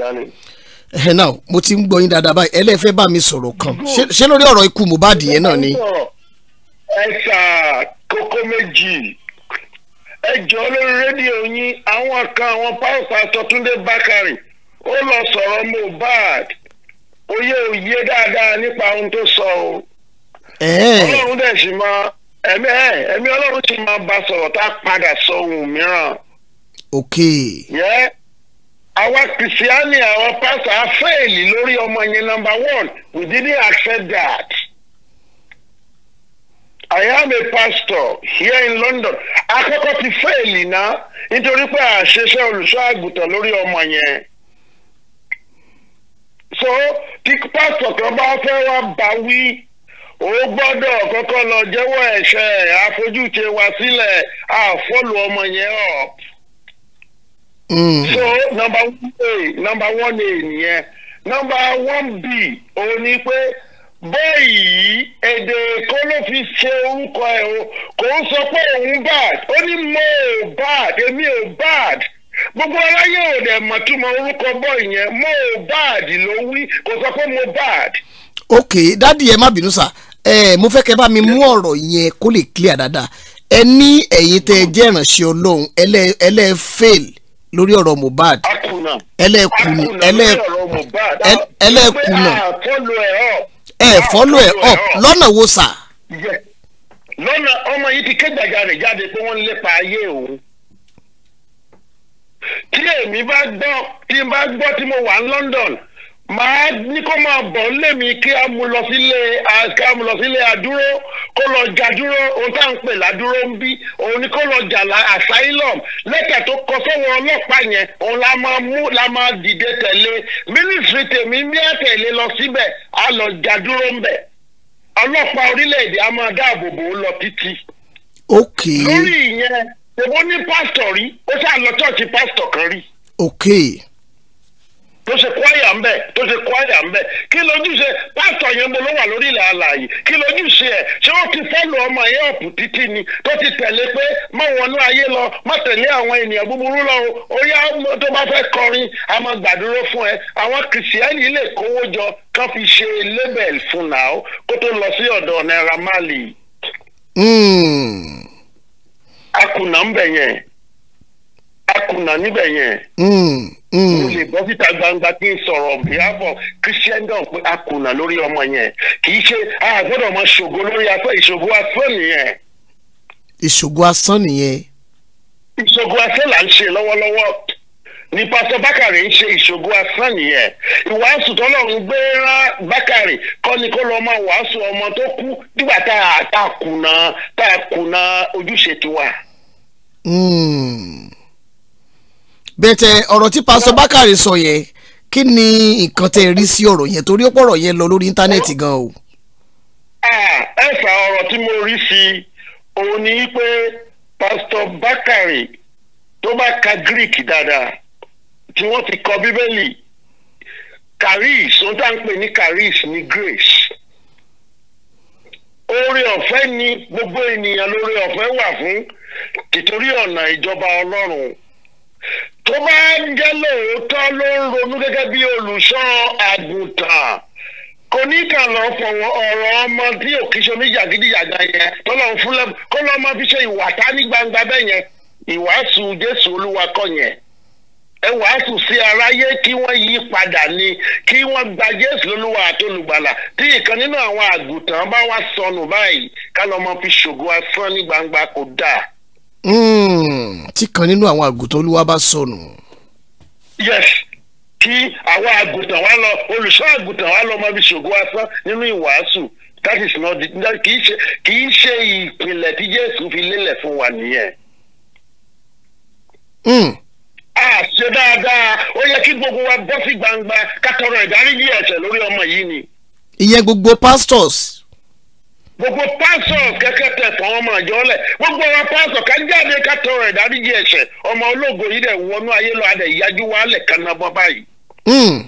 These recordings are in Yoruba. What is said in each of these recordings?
darling. ẹ náà mo ti ń gbọ́ yín dáadáa báyìí ẹlẹ́fẹ́ bá mi sọ̀rọ̀ kan ṣé lórí ọ̀rọ̀ ikú Mohbad yẹn náà ni. ẹ sà kókó méjì ẹ jọ lórí rédíò yín àwọn kan àwọn pàápàá Sọtúndé Bákàrè ó lọ sọ̀rọ̀ Mohbad oyè òye dáadáa nípa ohun tó sọ o ọlọ́run dẹ̀ sì máa ẹ̀mí ẹ̀mí ọlọ́run sì máa bá sọ̀rọ̀ tá a padà sọ ohun mìíràn. ok. yẹ́ yeah. Our kìrìsìánì our pastor, á fẹ́ẹ̀lì lórí ọmọ yẹn number one we didn't accept that. I am a pastor here in London. Akọ́kọ́ ti fẹ́ẹ̀lì náà nítorí pé àṣeṣe olùṣọ́ àgùntàn lórí ọmọ yẹn. So tí pásítọ̀ kan bá fẹ́ wá bá wí ó gbọ́dọ̀ kọ́kọ́ lọ jẹ́wọ́ ẹ̀ṣẹ̀ àfojúte wa sílẹ̀ àfọ́lù ọmọ yẹn up. Mm. so number one a number one a nìyẹn number one b òun ni pé báyìí èdè èkó ló fi ṣe orúkọ ẹ o kò ń sọ pé òun bad ó ní mo bad èmi ò bad gbogbo aráyé ò dẹ̀ mọ̀ túmọ̀ orúkọ bọ́ọ̀ yẹn mo bad ló wí kò sọ pé mo bad. ok dádì ẹ má bínú sá ẹ mo fẹ́ kẹ́ bá mi mú ọ̀rọ̀ yẹn kó lè clear dáadáa ẹ ní ẹ̀yin tẹ́ ẹ jẹ́ ìrànṣẹ́ ọlọ́run ẹlẹ́ fail lórí ọ̀rọ̀ Mohbad ẹlẹ́ẹ̀kùnà ẹlẹ́ẹ̀kùnà ẹ follow ẹ̀ up lọ́nà wo sà. lọ́nà ọmọ yìí ti kéjàgà rẹ̀ jáde pé wọ́n ń lépa ayé òun tí èmi bá gbọ́ tí mo wà ní London màá ní kó máa bọ̀ nílé mi kí a mú lọ sílé kí a mú lọ sílé àdúró kó lọ jà dúró ohun tá à ń pè ládúró ń bí òun ni kó lọ jà asylum lẹ́tà tó kọ sọ́wọ́ ọlọ́pàá yẹn òun la máa mú la máa dìde tẹ̀lé mínísírì tèmi ní àtẹ̀lé lọ síbẹ̀ a lọ jà dúró ń bẹ̀ ọlọ́pàá orílẹ̀-èdè a máa dáàbò bò ó lọ títí. lórí ìyẹn èwo ní pásítọ̀ rí ó ṣáà lọ chọ́ọ̀chì okay. tó ṣe kwaya ń bẹ tó ṣe kwaya ń bẹ kí lójúṣe pásítọ̀ yẹn mo ló wà lórí ilẹ̀ alàyè kí lójúṣe ẹ̀ ṣé ó ti fọ́ọ̀lù ọmọ ọ̀pù ni tó ti tẹ̀lé pé má wọnú ayé lọ má tẹ̀lé àwọn ènìyàn búburú lọ o yá tó bá fẹ́ kọrin a máa gbàdúró fún ẹ àwọn kìrìsìtẹ́nì lè kówó jọ label fún kó tó lọ sí ọ̀dọ̀ akùnà hmm. ń bẹ̀ ẹ kùnà níbẹ̀ yẹn. Hmm, hmm. mo lè bọ́ síta gbangba kí n sọ̀rọ̀ bíábọ̀ christiandom pé a kùnà lórí ọmọ yẹn kì í ṣe a gbọ́dọ̀ mọ ṣògo lórí afẹ́ ìṣògo asán nìyẹn. ìṣògo asán nìyẹn. ìṣògo asán là ń ṣe lọ́wọ́lọ́wọ́ ni pásítọ̀ bákàrẹ̀ ń ṣe ìṣògo asán nìyẹn ìwàásù tọ́lọ́run gbé rán bákàrẹ̀ kọ́ ni kó lọ máa wàásù ọmọ tó kú nígbà tá a kùnà tá a kùnà ojúṣe tiwa. Hmm bẹ̀tẹ̀ ọ̀rọ̀ tí pásọ bákàrẹ̀ sọ yẹn kí ni nǹkan tẹ́ rí sí ọ̀rọ̀ yẹn torí ó pọ̀rọ̀ yẹn lọ lórí íńtánẹ́ẹ̀tì gan o. Ah, ẹ fà ọ̀rọ̀ tí mo rí sí i òun ni pé pásítọ̀ bákàrẹ̀ tó bá ka greek dáadáa tí wọ́n ti kọ bíbélì caris ohun tá à pè ní caris ni grace oore ọ̀fẹ́ ni gbogbo ènìyàn lóore ọ̀fẹ́ wà fún tìtorí ọ̀nà ìjọba ọlọ́run tó bá ń jẹ́ lóòótọ́ ló ń ronú gẹ́gẹ́ bí olùṣọ́ àgùntàn kò ní kà lọ fọwọ́ ọ̀rọ̀ ọmọ tí òkìṣe oníjàgídíjàgà yẹn tó lọ́n fún lẹ́bù kó lọ́ máa fi ṣe ìwàtá ní gbangba bẹ́ẹ̀ yẹn ìwàásù Jésù Olúwa kọ́ yẹn ẹ wàásù sí aráyé kí wọ́n yí padà ni kí wọ́n gba Jésù lólúwa àtolùgbàlà tí ìkan nínú àwọn àgùntàn bá wá sọnù báyìí ká lọ́ máa fi ṣògo asán ní gbangba kò dáa Hmm, tí kan nínú àwọn àgùntàn olúwa bá sọnù. yes kí àwọn àgùntàn wa lọ olùṣọ́ àgùntàn wa lọ máa ṣògo asán nínú ìwàásù that is not kì í ṣe kì í ṣe ìpìlẹ̀ tí jésù fi lélẹ̀ fún wa nìyẹn. Hmm. a ṣe dáadáa ó yẹ kí gbogbo wa bọ́ sí gbangba ká tọrọ ìdáríjì ẹ̀ṣẹ̀ lórí ọmọ yìí ni. ìyẹn gbogbo pastors gbogbo pásọ̀ kẹkẹtẹ tán ọmọ àjọlẹ̀ gbogbo ọ̀rọ̀ paasọ ká jáde ká ịdariji ẹsẹ ọmọ ológo yìí wọnú ayé lọ adẹ̀ ìyájú wálẹ̀ kanabọ́ báyìí. Hmm.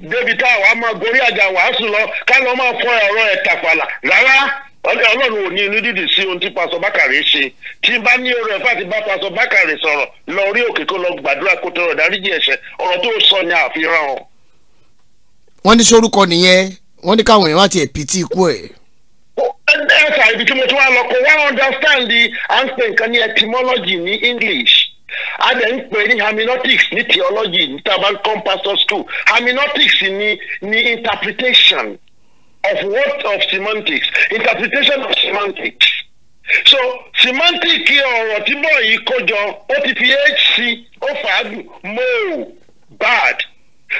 débi tá a wàá máa gorí àjà wàásù lọ ká lọ máa fọ ọrọ ẹ̀ tàfàlà rárá ọlọ́run ò ní inú dídì sí ohun tí ṣe tí ní bá sọ̀rọ̀ lọ rí òkè kó lọ gbàdúrà kó tọrọ wọ́n ní káwọn èèyàn wá tiẹ̀ pìtì ikú ẹ̀. ẹ ṣe àìbí tí mo tún wá lọ kó wá understand the answer pè nǹkan ní etymology ní English a dẹ̀ ń pè ní hermeneutics ní theology ní taban compastor school hermeneutics ni ni interpretation of what of semantics interpretation of semantics so semantic ọ̀rọ̀ tí bọ́ọ̀ yìí kójọ ó ti fi h sí ó fàágùn Mohbad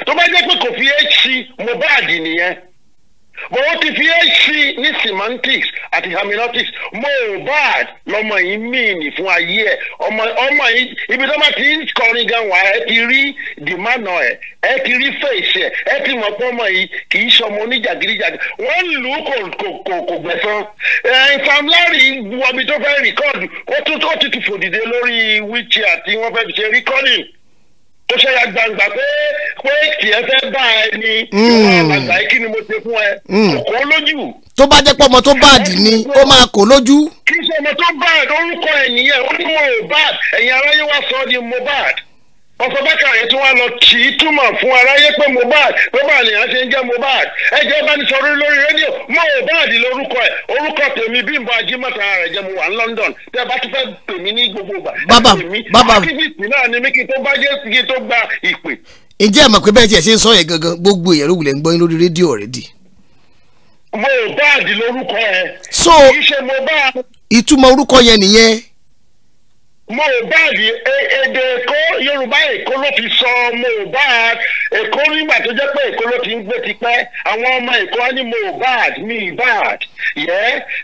tó bá jẹ́ pé kò fi h sí Mohbad nìyẹn mo ti fi ac ní semantics àti hermeneutics Mohbad lọmọ yìí mìíní fún ayé ẹ ọmọ ọmọ yìí ibi tó bá ti ń kọrin gan wà ẹ ti rí dìmánà ẹ ẹ ti rí fèsì ẹ ẹ ti mọ̀ pé ọmọ yìí kì í ṣọmọ oníjàgídíjàgídí wọ́n lù ú kò kò kò gbẹ̀san ẹ Sam Larry wọbi tó fẹ́ rìkọ́dù ó tún tó ti fòdìdé lórí wíìchì àti wọ́n fẹ́ fi ṣe rìkọ́dì tó ṣe ya gbangba pé pé tiẹ̀ fẹ́ bá ẹ ni ìwà hmm. àgbàgbà kí ni mo ṣe fún ẹ hmm. kò lójú. tó bá jẹ́ pé ọmọ tó báàdì ni ó máa kò lójú. kì í ọmọ tó báàdì orúkọ ẹ̀ nìyẹn ó ní Mohbad ẹ̀yin aráyé wá sọ ọ́ di Mohbad. ọsọ bákàrẹ tí wọn lọ tì í túmọ̀ fún aráyé pé Mohbad yẹn ṣe ń Mohbad ẹjẹ bá ní lórí rédíò Mohbad lórúkọ ẹ orúkọ tèmi rẹ mo wà ní London bá tún fẹ́ náà ni mí kí tó tó gba ìpè. ǹjẹ́ pé bẹ́ẹ̀ gangan gbogbo ló wulẹ̀ ń gbọ́ lórí rédíò Mohbad ẹ. Mohbad èdè èkó yorùbá èkó ló fi sọ Mohbad èkó nígbà tó jẹ́ pé èkó ló ti ń gbé tipẹ́ àwọn ọmọ èkó á ní Mohbad mi bad yẹ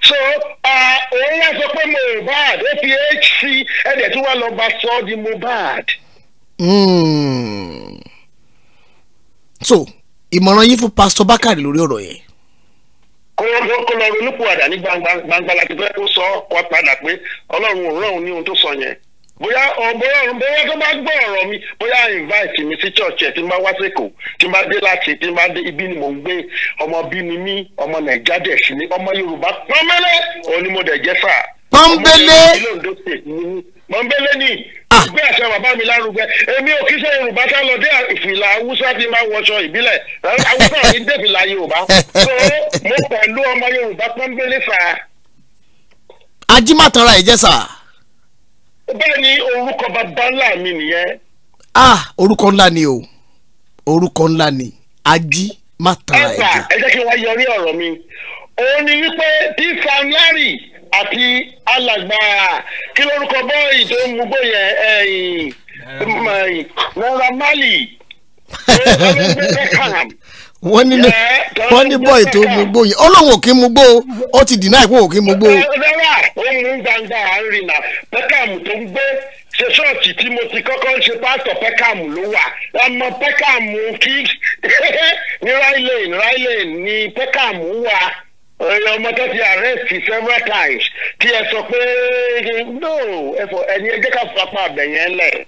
so òun wá sọ pé Mohbad apc ẹ̀dẹ̀ tí wàá lọ bá sọ ọ́ di Mohbad. Hmm. so ìmọ̀ràn yín fún pásítọ̀ bákàrẹ̀ lórí ọ̀rọ̀ yẹn. kó lọ ronú pùwàdà ní gbangba láti fẹ́ kó sọ kó padà pé ọlọ́run ò rán òun ní ohun tó sọ yẹn bóyá bóyá bóyá tó bá gbọ́ mi bóyá invite mi sí church ẹ̀ tí n bá wá sẹ́kọ̀ọ́ tí n bá dé láti tí n bá dé ibi ni mò ń gbé ọmọ bí ọmọ nàìjíríà sí ni ọmọ yorùbá pọ́nmẹ́lẹ́ òun pọ́ńbélé. pọ́ńbélé ni gbé ah. àṣà bàbá mi lárugẹ èmi ò kí yorùbá lọ dé ìfìlà haúsá ti máa wọṣọ ìbílẹ̀ haúsá ò débìlà yorùbá tó mo pẹ̀lú ọmọ yorùbá pọ́ńbélé fà á. ajímọ̀tara ẹ̀jẹ̀ ni orúkọ bàbá ńlá mi nìyẹn. ah orúkọ ńlá ni o orúkọ ńlá ni ajímọ̀tara ẹ̀jẹ̀. ẹ ẹ jẹ́ kí wọ́n yọrí ọ̀rọ̀ mi òun ni wípé tí àti alàgbà kí lórúkọ bọ́ọ̀yì tó ń mugbó yẹn Naira Marley wọ́n ní wọ́n ní bọ́ọ̀yì tó mugbó yẹn ọlọ́run ò kí mugbó ó ti dì náà ìpò ò kí mugbó. rárá ó mú gbangba àárín náà tó ń gbé ṣe ṣọ́ọ̀ṣì tí mo ti kọ́kọ́ ń ṣe pásítọ̀ Beckham ló wà ọmọ Beckham kí ní Ryan Lane Ryan Lane ní Beckham wà ọmọ ti arrest several times tí ẹ sọ pé no ẹni ẹ ká fapá àbẹ̀yẹn lẹ̀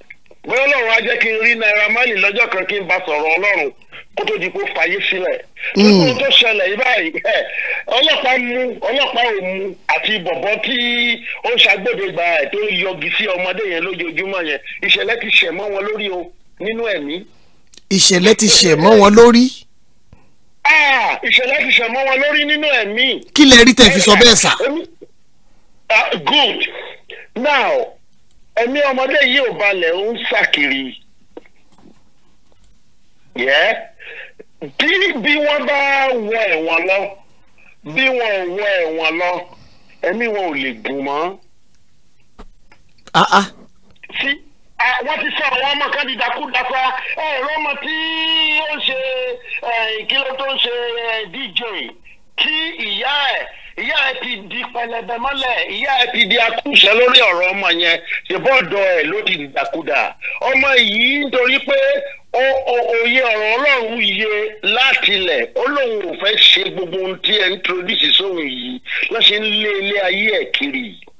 bóyá ọlọ́run á jẹ́ kí n rí Naira Marley lọ́jọ́ kan kí n bá sọ̀rọ̀ ọlọ́run kó tó di kó fàyè sílẹ̀ nínú hmm. tó ṣẹlẹ̀ yìí ọlọ́pàá mú ọlọ́pàá ò mú àti bọ̀bọ́ tí ó ṣàgbọ́dọ̀ gba ẹ̀ tó yọgi sí ọmọdé yẹn lójoojúmọ́ yẹn ìṣẹ̀lẹ̀ ti ṣẹ̀ mọ́ wọn lórí o nínú ẹ̀mí. ìṣẹ̀lẹ̀ ti ṣẹ̀ mọ́ wọn lórí. Ah, ìṣẹ̀lẹ̀ ti ṣẹ̀ mọ́ wọn lórí nínú ẹ̀mí. kí lẹ rí tẹ́ fi sọ bẹ́ẹ̀ sà. Ah, good now ẹ̀mí ọmọdé yìí ò balẹ̀ ó ń ṣàkiri bí bí wọ́n bá wọ ẹ̀wọ̀n lọ bí wọ́n ò wọ ẹ̀wọ̀n lọ ẹ̀mí wọn ò lè gùn mọ́. Ah, wọ́n ti sọ àwọn ọmọ kan di dákúdáfá ẹ̀rọ ọmọ tí ó ń ṣe ìkíló tó ń ṣe dj tí ìyá ẹ̀ ìyá ẹ̀ ti di pẹlẹbẹ mọ́lẹ̀ ìyá ẹ̀ ti di akúṣẹ lórí ọ̀rọ̀ ọmọ yẹn ṣèbọdọ ẹ̀ ló ti dàkúdà ọmọ yìí nítorí pé òye ọ̀rọ̀ ọlọ́run yẹ látilẹ̀ ó lóun ò fẹ́ ṣe gbogbo ohun tí ẹ̀ ń introduce sóhun yìí lọ́sẹ̀ ń lé ilé ayé ẹ̀ kiri yìí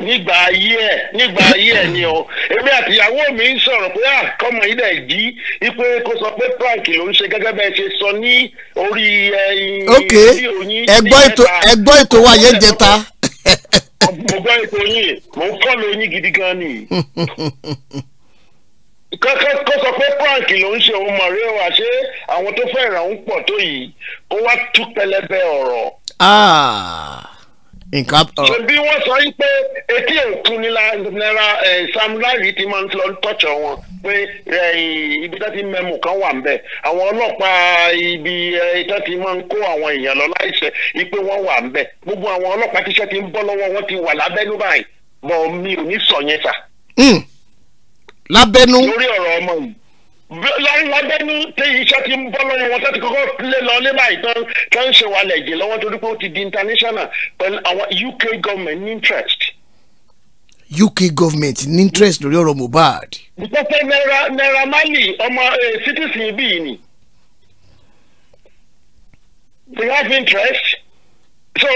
nígbà ayé ẹ nígbà ayé ẹ ni o èmi àtìyàwó mi ń sọ̀rọ̀ pé àkọ́mọ ah, yìí dẹ̀ jí ipe kó sọ pé prank ló ń ṣe gẹ́gẹ́ bẹ́ẹ̀ ṣe sọ ní orí ẹyin tí oyin ẹ gbọ́ ètò wa yẹn jẹta. mo gbọ́ ètò yín mo ń kọ́ lóyún gidi gan ni kọ́kọ́ kó sọ pé prank ló ń ṣe òun mọ̀ rí wa ṣé àwọn tó fẹ́ ń pọ̀ tó yìí kó wá tú pẹlẹbẹ ọ̀rọ̀. Ah nǹkan. Uh, bí wọ́n sọ yín pé etí òkun náírà eh, Sam Larry ti máa ń lọ tọ́jọ́ wọn pé eh, ibi tó ti mẹ́mù kan wà ń bẹ̀ àwọn ọlọ́pàá ibi eh, tó ti máa ń kó àwọn èèyàn lọ láìṣẹ̀ ipe wọ́n wà ń bẹ̀ gbogbo àwọn ọlọ́pàá tíṣẹ́ ti ń bọ́ lọ́wọ́ wọn ti wà lábẹ́nú báyìí bọ̀ mi ò ní sọ yẹn sà. Hmm. lábẹ́nú. lórí ọ̀rọ̀ ọmọ yìí lọ́dẹ ní tẹ́yìn iṣẹ́ ti ń bọ́ lọ́wọ́ wọn tẹ́tí kọ́kọ́ lé lọ lé báyìí tán tán ń ṣe wàlẹ̀ èdè lọ́wọ́ torí pé ti di international pẹ̀lú àwọn UK government ní interest. UK government ní interest lórí ọ̀rọ̀ Mohbad. pẹpẹ naira naira mali ọmọ eh, citizen bíi ni they have interest so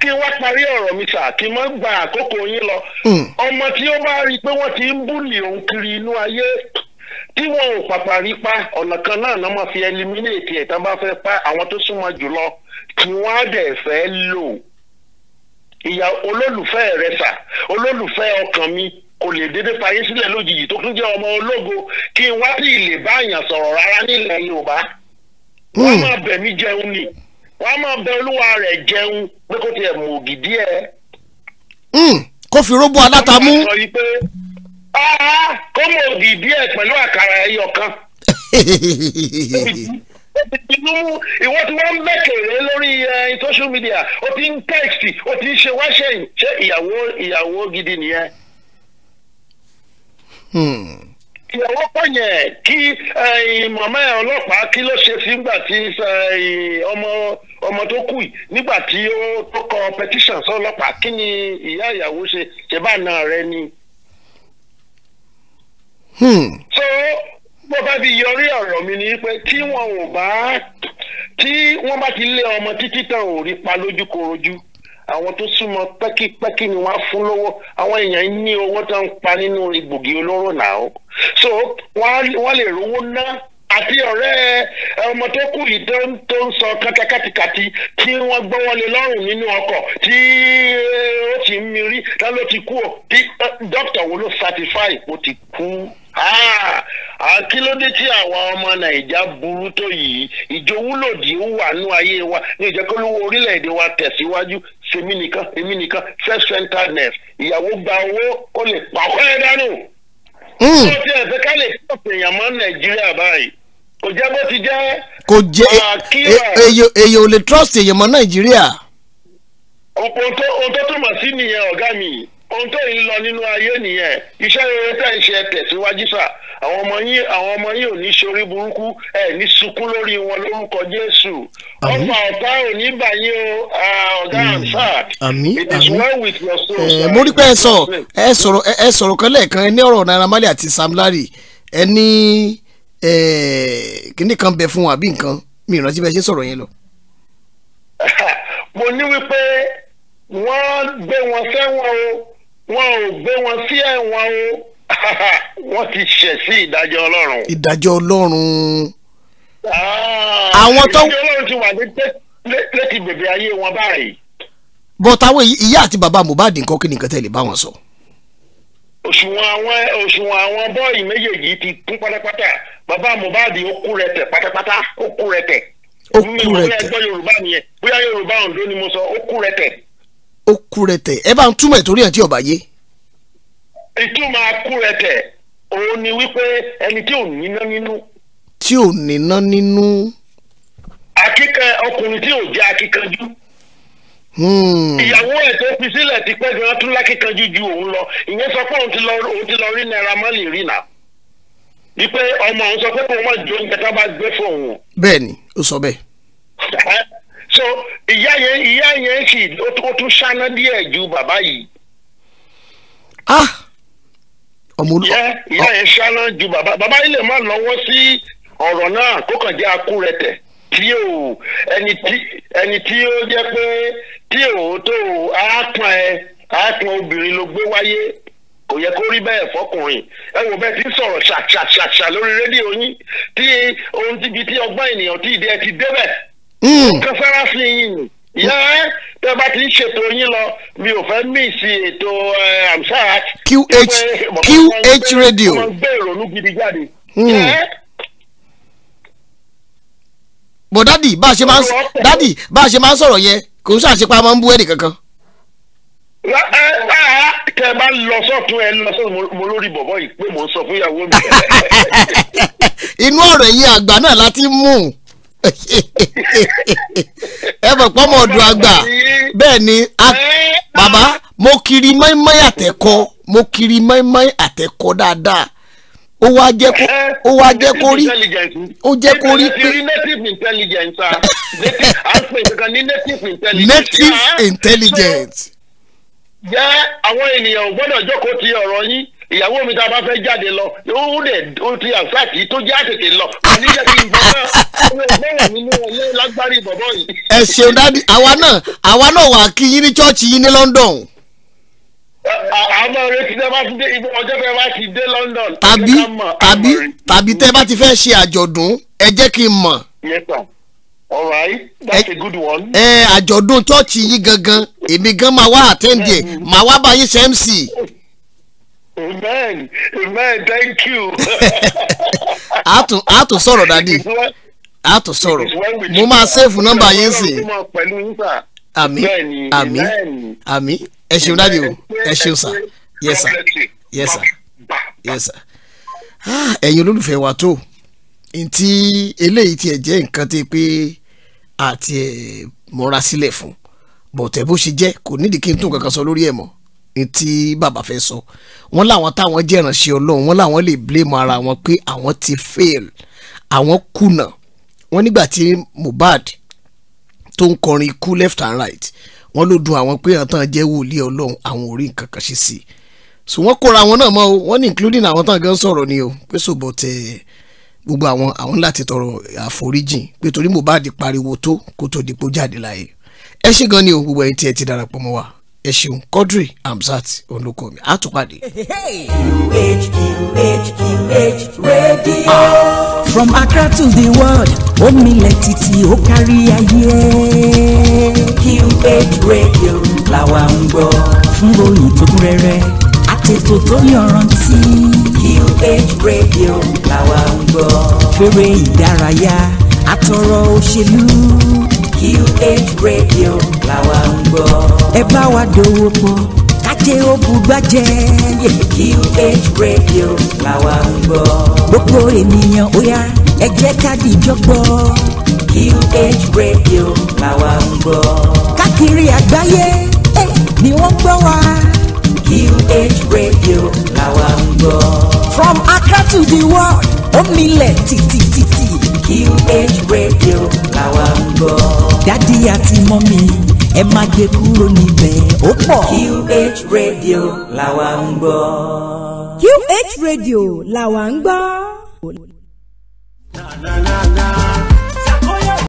kí wá parí ọ̀rọ̀ mi sà kí n gba àkókò yín lọ hmm. ọmọ tí ó bá rí i pé wọ́n ti ń búlì òun kiri inú ayé tí wọn ò pàpà rí pa ọ̀nà kan náà náà máa fi ẹlimínéètì ẹ̀ tán bá fẹ́ pa àwọn tó súnmọ́ jùlọ kí wọ́n á dẹ̀ fẹ́ lò ìyá olólùfẹ́ rẹ sà olólùfẹ́ ọkàn mi kò lè dédé fayé sílẹ̀ lójijì tó tún jẹ́ ọmọ ológo kí n wá sí ilé báyàn sọ̀rọ̀ rárá nílẹ̀ Yorùbá wọ́n hmm. máa bẹ̀ mí jẹun ni wọ́n máa bẹ olúwa rẹ̀ jẹun pé kó tiẹ̀ mọ̀ ògì díẹ̀. Hmm. kó fi rógbó aláta mú ara kó mo dìdí ẹ pẹ̀lú àkàrà ẹyọ kan. Tinubu ìwọ tí wọ́n ń bẹ̀kẹ̀rẹ̀ lórí eh, social media o ti ń tẹ́ẹ̀sì o ti ń ṣe wáṣẹ̀yìn ṣé ìyàwó ìyàwó gidi nìyẹn. Hmm. Ìyàwó pọ̀ yẹn kí eh, màmá ọlọ́pàá kí ló ṣe sí nígbà tí eh, ọmọ ọmọ tó kù yìí nígbà tí ó tó kọ petition sọ́lọ́pàá kí ni ìyá ìyàwó ṣe ṣe bá na rẹ ni. Hmm. Hmm. so bó bá fi yọrí ọ̀rọ̀ mi ni pé tí wọn ò bá tí wọ́n bá ti lé ọmọ títí tán ò rí pa lójúkorojú àwọn tó súnmọ́ pẹ́kípẹ́kí ni wọ́n á fún lọ́wọ́ àwọn èèyàn ní owó tó ń pa nínú egbògi olóró náà so wọ́n lè rówó ná àti ọ̀rẹ́ ọmọ tó kù yìí tó ń sọ kátàkátìkàtì tí wọ́n gbọ́wọ́lé lọ́rùn nínú ọkọ̀ tí eh, ó ti ń mirí tá ló ti kú ọ́ eh, dókítà wo ló certify ó ti kú àkílódé ah, ah, tí àwa ọmọ nàìjà burú tó yìí ìjòwúlòdì ó wà nú ayé wa ní ìjẹ́kọ́lówó orílẹ̀-èdè wa tẹ̀síwájú sèmi nìkan èmi nìkan self-centeredness ìyàwó gba owó ó lè pàkọ́lẹ̀ dànù. Hmm. ó ti ẹ̀fẹ́ ká lè tọ́pọ̀ èèyàn mọ́ nàìjíríà báyìí kò jẹ́ bó ti jẹ́. kò jẹ́ ah, e, e, e, èyàn ò lè trust èèyàn mọ́ nàìjíríà. ohun tó túmọ̀ sí nìyẹn ọ̀gá mi ohun tó ń lọ nínú ayé nìyẹn iṣẹ́ rere tẹ̀ ń ṣe tẹ̀síwájú sà àwọn ọmọ yín àwọn ọmọ yín ò ní ṣorí burúkú ẹ ní sunkún lórí wọn lórúkọ Jésù ọba ọ̀tá ò ní bà o ọ̀gá àǹsà it is well with your soul. ẹ mo rí pé ẹ sọ ẹ sọ̀rọ̀ ẹ sọ̀rọ̀ kan lẹ́ẹ̀kan ẹ ní ọ̀rọ̀ Naira Marley àti Sam Larry ẹ ní kíní kan bẹ fún wa àbí nǹkan mi ìrántí bẹ ṣe sọ̀rọ̀ yẹn lọ. mo ní wípé wọ́n gbé wọn sẹ́wọ̀n o wọn ò gbé wọn sí ẹ̀wọ̀n o wọ́n ti ṣẹ̀ sí ìdájọ́ ọlọ́run. ìdájọ́ ọlọ́run. Ah, àwọn tó. ìdájọ́ ọlọ́run ti wà létí bèbè ayé wọn báyìí. bọ́ táwọn ìyá àti bàbá Mohbad nǹkan kí nìkan tẹ̀lé bá wọn sọ. òṣùwọ̀n àwọn òṣùwọ̀n àwọn bọ́ọ̀lì méjèèjì ti kún pátápátá bàbá Mohbad ó kú rẹ̀tẹ̀ pátápátá ó kú rẹ̀tẹ̀. ó kú rẹ̀tẹ̀ mi ò fẹ́ gbọ́ Yorùbá nìyẹn bóyá Yorùbá Oǹdó ni mo sọ ó kú rẹ̀tẹ̀ ó kúrẹ̀tẹ̀ ẹ bá ń túmọ̀ ìtorí àti ọ̀bà yé. ìtumọ̀ akúrẹ̀tẹ̀ òun ni wípé ẹni tí ò níná nínú. tí ò níná nínú. akíkan ọkùnrin tí ò jẹ́ akíkanjú. Hmm. ìyàwó ẹ̀ tó fi sílẹ̀ ti pẹ́ gan-an tún lákíkanjú ju òun lọ ìyẹn sọ pé òun ti lọ rí náírà mọ́lì rí nà wípé ọmọ òun sọ pé òun máa jó oúnjẹ tá a bá gbé fún òun. bẹ́ẹ̀ni ó sọ bẹ́ẹ̀ ìyá yẹn ìyá yẹn sì ó tún ṣáná díẹ̀ ju bàbá yìí. ah ọmọ olùkọ́. ìyá yẹn ṣáná ju bàbá bàbá yìí lè má lọ́wọ́ sí ọ̀rọ̀ náà kó kàn jẹ́ akú rẹ tẹ̀ tí o ẹni tí ẹni tí ó jẹ́ pé tí o tó o arákùn ẹ arákùn obìnrin ló gbé wáyé kò yẹ kó rí bẹ́ẹ̀ fọkùnrin ẹ wò bẹ́ẹ̀ ti sọ̀rọ̀ ṣàṣàṣàṣà lórí rédíò yín tí ohun tíbi tí ọgbọ́n ènìyàn tí ìdí ẹ ti débẹ̀ kẹsàrà hmm. sí yìí yẹ tẹ bá ti ń ṣètò yín lọ mi ò fẹ́ mí sí ètò amsat. qh qh radio. mo gbé ìrònú gidi jáde. Hmm. bò dádì bá a ṣe máa ń dádì bá a ṣe máa ń sọ̀rọ̀ yẹn kò ṣàṣepá máa ń bú ẹnì kankan. tẹ bá lọ sọ́tún ẹ lọ sọ́tún mo lórí bọ̀bọ̀ yìí pé mò ń sọ fún ìyàwó mi. inú ọ̀rọ̀ yìí àgbà náà láti mú un ẹ mọ̀ pé ọmọ ọdún àgbà bẹ́ẹ̀ ni bàbá mo kiri mọ́ínmọ́ín àtẹ̀kọ mo kiri mọ́ínmọ́ín àtẹ̀kọ dáadáa ó wá jẹ́ kó eh, ó wá jẹ́ kó rí ó jẹ́ kó rí pé intelligence native ah, intelligence. jẹ́ àwọn ènìyàn ò gbọ́dọ̀ jókòó ti ọ̀rọ̀ yín ìyàwó mi tá a bá fẹ́ jáde lọ ó dẹ̀ ó ti àǹfààní tó jẹ́ àtètè lọ oníjẹ́ kí n bọ́ náà bẹ́ẹ̀ nínú ọlẹ́ lágbárí bọ̀bọ̀ yìí. ẹ ṣeun dádì àwa náà àwa náà wà kí yín ní chọ́ọ̀chì yín ní London. àmọ́ retí tẹ́ bá ti dé ọjọ́ tẹ́ bá ti dé London. tàbí tàbí tàbí tẹ́ bá ti fẹ́ ṣe àjọ̀dún ẹ jẹ́ kí n mọ̀. yes sir all right that's a good one. ẹ àjọ̀dún chọ́ọ̀chì yín gangan èmi gan máa wá àtẹ́ǹdì ẹ̀ máa wá bá yín ṣe MC amen amen thank you. àtún àtún sọ̀rọ̀ dadi àtún sọ̀rọ̀ mo máa sẹ́ẹ̀fù nọ́mbà yín sí i àmì àmì àmì ẹ ṣeun dadi o ẹ ṣeun sir yes sir yes sir yes sir ah, ẹ̀yin olólùfẹ́ wa tó ntí eléyìí tiẹ̀ jẹ́ nǹkan tí pé àti ẹ̀ mọ́ra sílẹ̀ fún bọ̀tẹ̀ bó ṣe jẹ́ kò nídìí kí n tún kankan sọ lórí ẹ̀ mọ́ etí bàbá fẹ́ sọ wọ́n láwọn táwọn jẹ́ ìránṣẹ́ ọlọ́run wọ́n láwọn lè blame ara wọn pé àwọn ti fail àwọn kùnà wọ́n nígbà tí Mohbad tó ń kọrin ikú left and right wọ́n ló dùn àwọn pé àtàn jẹ́ wòlíì ọlọ́run àwọn ò nǹkan kan ṣe sí i so wọ́n kóra àwọn náà mọ́ o wọ́n ní including àwọn tán gan sọ̀rọ̀ ni o pé sòbọ̀ tẹ eh, gbogbo àwọn àwọn láti tọrọ àforíjìn pé torí Mohbad pariwo tó kó tó dìpọ̀ jáde láàyè ẹ ṣé gan ni o gbogbo ẹ̀yin tí ẹ ti darapọ̀ mọ́ wa ẹ ṣeun Quadri Hamzat olóko mi àtúpàdé. From Accra to the world ó milẹ̀ títí ó kárí ayé. QH Radio, làwa ń gbọ́. fún ròyìn tó kún rẹ́rẹ́ àtètò tó yọrantí. QH Radio, làwa ń gbọ́. fèrè ìdárayá àtọ̀rọ̀ òṣèlú QH radio làwa ń gbọ́. ẹ bá wa dòwò pọ̀ kájé ó bu QH radio làwa ń gbọ́. gbogbo ènìyàn ó yá ẹ jẹ́ ká dìjọ́ QH radio làwa ń gbọ́. káàkiri àgbáyé eh, ni wọ́n gbọ́ wa. QH radio làwa ń from Accra to the world ó milẹ̀ tìtìtìtì. QH radio làwa ń gbọ́. dádì àti mọ́mí ẹ má gbé kúrò níbẹ̀ ó pọ̀. QH radio làwa ń gbọ́. QH radio làwa ń gbọ́. na na na na.